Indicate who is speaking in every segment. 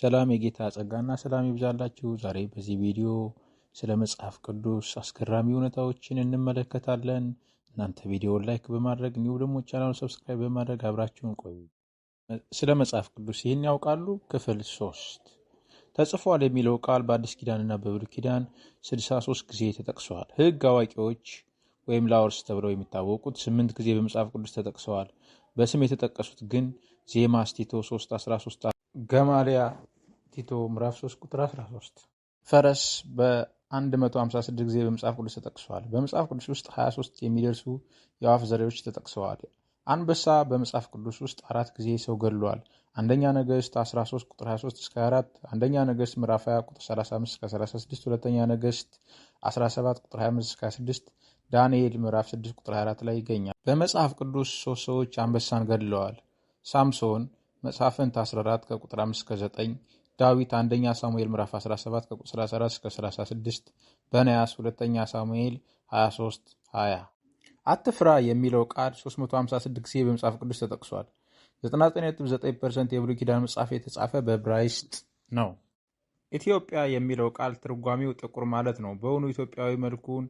Speaker 1: ሰላም የጌታ ጸጋና ሰላም ይብዛላችሁ። ዛሬ በዚህ ቪዲዮ ስለ መጽሐፍ ቅዱስ አስገራሚ እውነታዎችን እንመለከታለን። እናንተ ቪዲዮውን ላይክ በማድረግ እንዲሁም ደግሞ ቻናሉ ሰብስክራይብ በማድረግ አብራችሁን ቆዩ። ስለ መጽሐፍ ቅዱስ ይህን ያውቃሉ? ክፍል ሶስት ተጽፏል የሚለው ቃል በአዲስ ኪዳንና በብሉይ ኪዳን 63 ጊዜ ተጠቅሰዋል። ሕግ አዋቂዎች ወይም ላወርስ ተብለው የሚታወቁት ስምንት ጊዜ በመጽሐፍ ቅዱስ ተጠቅሰዋል። በስም የተጠቀሱት ግን ዜማ ቲቶ 3 13፣ ገማሊያ ቲቶ ምዕራፍ 3 ቁጥር 13። ፈረስ በ156 ጊዜ በመጽሐፍ ቅዱስ ተጠቅሷል። በመጽሐፍ ቅዱስ ውስጥ 23 የሚደርሱ የአዋፍ ዘሬዎች ተጠቅሰዋል። አንበሳ በመጽሐፍ ቅዱስ ውስጥ አራት ጊዜ ሰው ገድሏል። አንደኛ ነገሥት 13 ቁጥር 23 እስከ 24፣ አንደኛ ነገሥት ምዕራፍ 20 ቁጥር 35 እስከ 36፣ ሁለተኛ ነገሥት 17 ቁጥር 25 እስከ 26፣ ዳንኤል ምዕራፍ 6 ቁጥር 24 ላይ ይገኛል። በመጽሐፍ ቅዱስ ሶስት ሰዎች አንበሳን ገድለዋል። ሳምሶን መጽሐፍንት 14 ከቁጥር 5 እስከ 9፣ ዳዊት አንደኛ ሳሙኤል ምዕራፍ 17 34 እስከ 36፣ በነያስ ሁለተኛ ሳሙኤል 23 20። አትፍራ የሚለው ቃል 356 ጊዜ በመጽሐፍ ቅዱስ ተጠቅሷል። 99.9% የብሉይ ኪዳን መጽሐፍ የተጻፈ በዕብራይስጥ ነው። ኢትዮጵያ የሚለው ቃል ትርጓሜው ጥቁር ማለት ነው። በውኑ ኢትዮጵያዊ መልኩን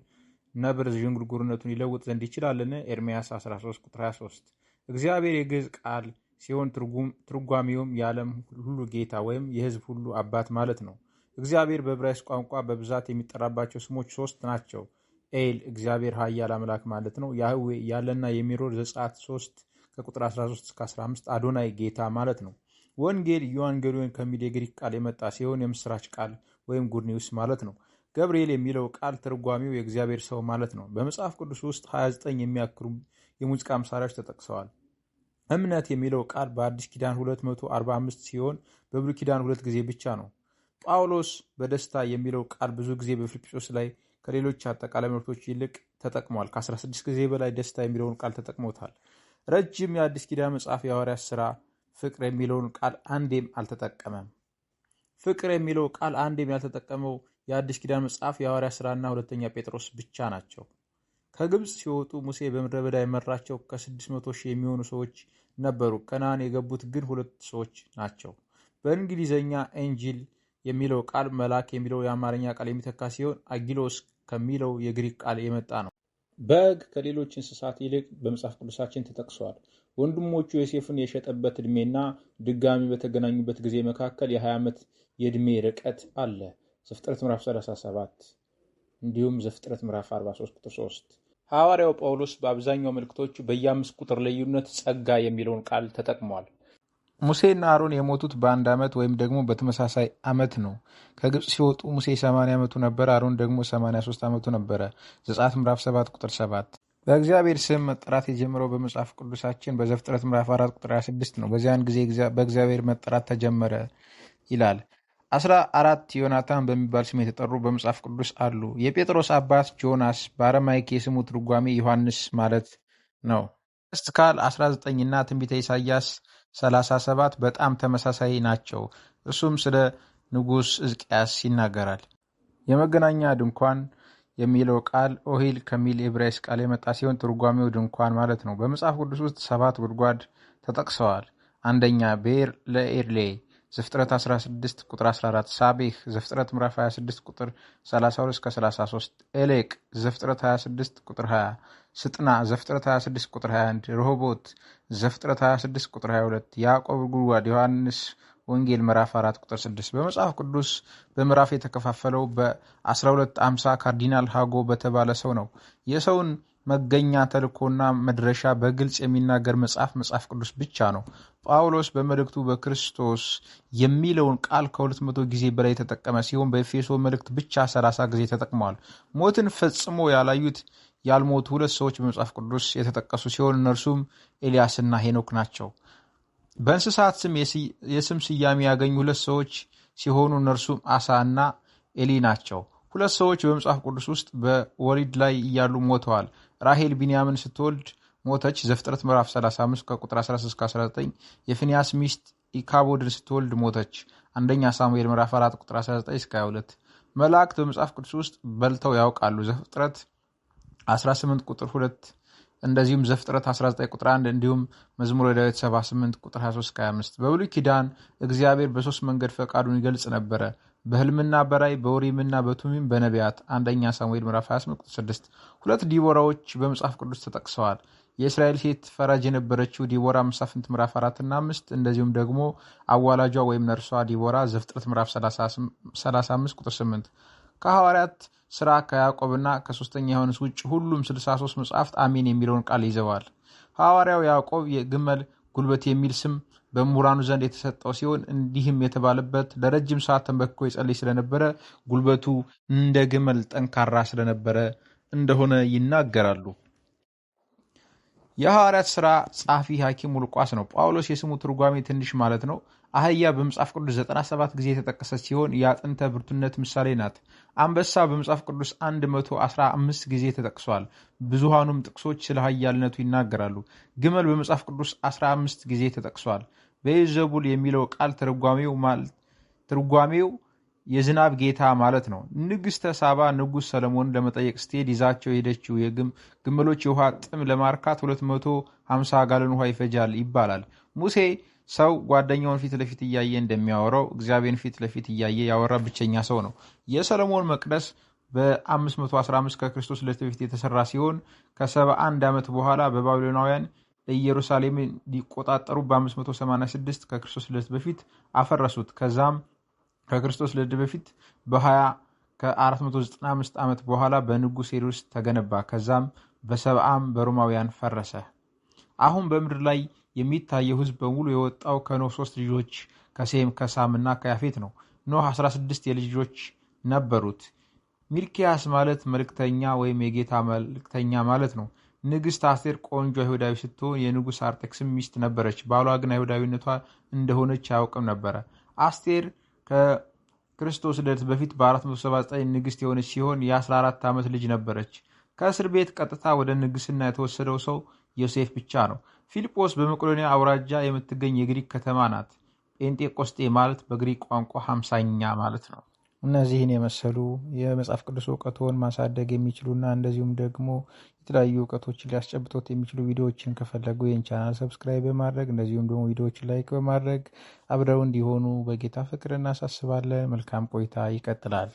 Speaker 1: ነብር ዥንጉርጉርነቱን ይለውጥ ዘንድ ይችላልን? ኤርምያስ 13 23። እግዚአብሔር የግዕዝ ቃል ሲሆን ትርጓሚውም የዓለም ሁሉ ጌታ ወይም የሕዝብ ሁሉ አባት ማለት ነው። እግዚአብሔር በዕብራይስጥ ቋንቋ በብዛት የሚጠራባቸው ስሞች ሶስት ናቸው። ኤል እግዚአብሔር ኃያል አምላክ ማለት ነው። ያህዌ ያለና የሚሮር ዘጸአት 3 ከቁጥር 13 እስከ 15 አዶናይ ጌታ ማለት ነው። ወንጌል ዩዋንጌሊዮን ከሚል የግሪክ ቃል የመጣ ሲሆን የምስራች ቃል ወይም ጉድ ኒውስ ማለት ነው። ገብርኤል የሚለው ቃል ትርጓሚው የእግዚአብሔር ሰው ማለት ነው። በመጽሐፍ ቅዱስ ውስጥ 29 የሚያክሩ የሙዚቃ መሳሪያዎች ተጠቅሰዋል። እምነት የሚለው ቃል በአዲስ ኪዳን 245 ሲሆን በብሉ ኪዳን ሁለት ጊዜ ብቻ ነው። ጳውሎስ በደስታ የሚለው ቃል ብዙ ጊዜ በፊልጵስዩስ ላይ ከሌሎች አጠቃላይ ምርቶች ይልቅ ተጠቅሟል። ከ16 ጊዜ በላይ ደስታ የሚለውን ቃል ተጠቅሞታል። ረጅም የአዲስ ኪዳን መጽሐፍ የሐዋርያት ሥራ ፍቅር የሚለውን ቃል አንዴም አልተጠቀመም። ፍቅር የሚለው ቃል አንዴም ያልተጠቀመው የአዲስ ኪዳን መጽሐፍ የሐዋርያት ሥራና ሁለተኛ ጴጥሮስ ብቻ ናቸው። ከግብፅ ሲወጡ ሙሴ በምድረ በዳ የመራቸው ከ600 ሺህ የሚሆኑ ሰዎች ነበሩ። ከነአን የገቡት ግን ሁለት ሰዎች ናቸው። በእንግሊዝኛ ኤንጂል የሚለው ቃል መልአክ የሚለው የአማርኛ ቃል የሚተካ ሲሆን አጊሎስ ከሚለው የግሪክ ቃል የመጣ ነው። በግ ከሌሎች እንስሳት ይልቅ በመጽሐፍ ቅዱሳችን ተጠቅሷል። ወንድሞቹ ዮሴፍን የሸጠበት ዕድሜና ድጋሚ በተገናኙበት ጊዜ መካከል የ20 ዓመት የዕድሜ ርቀት አለ። ዘፍጥረት ምዕራፍ 37 እንዲሁም ዘፍጥረት ምዕራፍ 43 ቁጥር 3 ሐዋርያው ጳውሎስ በአብዛኛው መልእክቶቹ በየአምስት ቁጥር ልዩነት ጸጋ የሚለውን ቃል ተጠቅሟል። ሙሴና አሮን የሞቱት በአንድ ዓመት ወይም ደግሞ በተመሳሳይ ዓመት ነው። ከግብፅ ሲወጡ ሙሴ 80 ዓመቱ ነበረ፣ አሮን ደግሞ 83 ዓመቱ ነበረ። ዘጸአት ምዕራፍ 7 ቁጥር 7። በእግዚአብሔር ስም መጠራት የጀመረው በመጽሐፍ ቅዱሳችን በዘፍጥረት ምዕራፍ 4 ቁጥር 26 ነው። በዚያን ጊዜ በእግዚአብሔር መጠራት ተጀመረ ይላል። አስራ አራት ዮናታን በሚባል ስም የተጠሩ በመጽሐፍ ቅዱስ አሉ። የጴጥሮስ አባት ጆናስ በአረማይክ የስሙ ትርጓሜ ዮሐንስ ማለት ነው። ካል 19 እና ትንቢተ ኢሳያስ 37 በጣም ተመሳሳይ ናቸው። እሱም ስለ ንጉሥ እዝቅያስ ይናገራል። የመገናኛ ድንኳን የሚለው ቃል ኦሂል ከሚል የዕብራይስጥ ቃል የመጣ ሲሆን ትርጓሜው ድንኳን ማለት ነው። በመጽሐፍ ቅዱስ ውስጥ ሰባት ጉድጓድ ተጠቅሰዋል። አንደኛ ቤር ለኤርሌ ዘፍጥረት 16 ቁጥር 14 ሳቤህ ዘፍጥረት ምዕራፍ 26 ቁጥር 32 እስከ 33 ኤሌቅ ዘፍጥረት 26 ቁጥር 20 ስጥና ዘፍጥረት 26 ቁጥር 21 ረሆቦት፣ ዘፍጥረት 26 ቁጥር 22 ያዕቆብ ጉድጓድ ዮሐንስ ወንጌል ምዕራፍ 4 ቁጥር 6 በመጽሐፍ ቅዱስ በምዕራፍ የተከፋፈለው በ1250 ካርዲናል ሃጎ በተባለ ሰው ነው የሰውን መገኛ፣ ተልእኮና መድረሻ በግልጽ የሚናገር መጽሐፍ መጽሐፍ ቅዱስ ብቻ ነው። ጳውሎስ በመልእክቱ በክርስቶስ የሚለውን ቃል ከሁለት መቶ ጊዜ በላይ የተጠቀመ ሲሆን በኤፌሶ መልእክት ብቻ ሰላሳ ጊዜ ተጠቅመዋል። ሞትን ፈጽሞ ያላዩት ያልሞቱ ሁለት ሰዎች በመጽሐፍ ቅዱስ የተጠቀሱ ሲሆን እነርሱም ኤልያስና ሄኖክ ናቸው። በእንስሳት ስም የስም ስያሜ ያገኙ ሁለት ሰዎች ሲሆኑ እነርሱም አሳና ኤሊ ናቸው። ሁለት ሰዎች በመጽሐፍ ቅዱስ ውስጥ በወሊድ ላይ እያሉ ሞተዋል። ራሄል ቢንያምን ስትወልድ ሞተች። ዘፍጥረት ምዕራፍ 35 ከቁጥር 13-19 የፊንያስ ሚስት ኢካቦድን ስትወልድ ሞተች። አንደኛ ሳሙኤል ምዕራፍ 4 ቁጥር 19-22 መላእክት በመጽሐፍ ቅዱስ ውስጥ በልተው ያውቃሉ። ዘፍጥረት 18 ቁጥር 2 እንደዚሁም ዘፍጥረት 19 ቁጥር 1 እንዲሁም መዝሙረ ዳዊት 78 ቁጥር 23-25 በብሉይ ኪዳን እግዚአብሔር በሶስት መንገድ ፈቃዱን ይገልጽ ነበረ። በህልምና በራይ በወሪምና በቱሚም በነቢያት አንደኛ ሳሙኤል ምዕራፍ 28 ቁጥር 6። ሁለት ዲቦራዎች በመጽሐፍ ቅዱስ ተጠቅሰዋል። የእስራኤል ሴት ፈራጅ የነበረችው ዲቦራ መሳፍንት ምዕራፍ 4 እና 5፣ እንደዚሁም ደግሞ አዋላጇ ወይም ነርሷ ዲቦራ ዘፍጥረት ምዕራፍ 35 ቁጥር 8። ከሐዋርያት ስራ ከያዕቆብና ከሶስተኛ ዮሐንስ ውጭ ሁሉም 63 መጽሐፍት አሜን የሚለውን ቃል ይዘዋል። ሐዋርያው ያዕቆብ የግመል ጉልበት የሚል ስም በምሁራኑ ዘንድ የተሰጠው ሲሆን እንዲህም የተባለበት ለረጅም ሰዓት ተንበርክኮ ይጸልይ ስለነበረ ጉልበቱ እንደ ግመል ጠንካራ ስለነበረ እንደሆነ ይናገራሉ። የሐዋርያት ሥራ ጻፊ ሐኪም ሉቃስ ነው። ጳውሎስ የስሙ ትርጓሜ ትንሽ ማለት ነው አህያ በመጽሐፍ ቅዱስ 97 ጊዜ የተጠቀሰች ሲሆን የአጥንተ ብርቱነት ምሳሌ ናት። አንበሳ በመጽሐፍ ቅዱስ 115 ጊዜ ተጠቅሷል። ብዙሃኑም ጥቅሶች ስለ ኃያልነቱ ይናገራሉ። ግመል በመጽሐፍ ቅዱስ 15 ጊዜ ተጠቅሷል። በኢዘቡል የሚለው ቃል ትርጓሜው የዝናብ ጌታ ማለት ነው። ንግሥተ ሳባ ንጉሥ ሰለሞንን ለመጠየቅ ስትሄድ ይዛቸው የሄደችው የግመሎች የውሃ ጥም ለማርካት 250 ጋለን ውሃ ይፈጃል ይባላል። ሙሴ ሰው ጓደኛውን ፊት ለፊት እያየ እንደሚያወራው እግዚአብሔርን ፊት ለፊት እያየ ያወራ ብቸኛ ሰው ነው። የሰለሞን መቅደስ በ515 ከክርስቶስ ልደት በፊት የተሰራ ሲሆን ከ71 ዓመት በኋላ በባቢሎናውያን ኢየሩሳሌምን ሊቆጣጠሩ በ586 ከክርስቶስ ልደት በፊት አፈረሱት። ከዛም ከክርስቶስ ልድ በፊት በ20 ከ495 ዓመት በኋላ በንጉሥ ሄሮድስ ተገነባ። ከዛም በሰብአም በሮማውያን ፈረሰ። አሁን በምድር ላይ የሚታየው ህዝብ በሙሉ የወጣው ከኖህ ሶስት ልጆች ከሴም ከሳም እና ከያፌት ነው። ኖህ 16 የልጅ ልጆች ነበሩት። ሚልኪያስ ማለት መልክተኛ ወይም የጌታ መልክተኛ ማለት ነው። ንግሥት አስቴር ቆንጆ አይሁዳዊ ስትሆን የንጉሥ አርጤክስም ሚስት ነበረች። ባሏ ግን አይሁዳዊነቷ እንደሆነች አያውቅም ነበረ። አስቴር ከክርስቶስ ልደት በፊት በ479 ንግሥት የሆነች ሲሆን የ14 ዓመት ልጅ ነበረች። ከእስር ቤት ቀጥታ ወደ ንግስና የተወሰደው ሰው ዮሴፍ ብቻ ነው። ፊልጶስ በመቄዶንያ አውራጃ የምትገኝ የግሪክ ከተማ ናት። ጴንጤቆስጤ ማለት በግሪክ ቋንቋ ሀምሳኛ ማለት ነው። እነዚህን የመሰሉ የመጽሐፍ ቅዱስ እውቀቶን ማሳደግ የሚችሉና እንደዚሁም ደግሞ የተለያዩ እውቀቶችን ሊያስጨብጦት የሚችሉ ቪዲዮዎችን ከፈለጉ ይህን ቻናል ሰብስክራይብ በማድረግ እንደዚሁም ደግሞ ቪዲዮዎችን ላይክ በማድረግ አብረው እንዲሆኑ በጌታ ፍቅር እናሳስባለን። መልካም ቆይታ ይቀጥላል።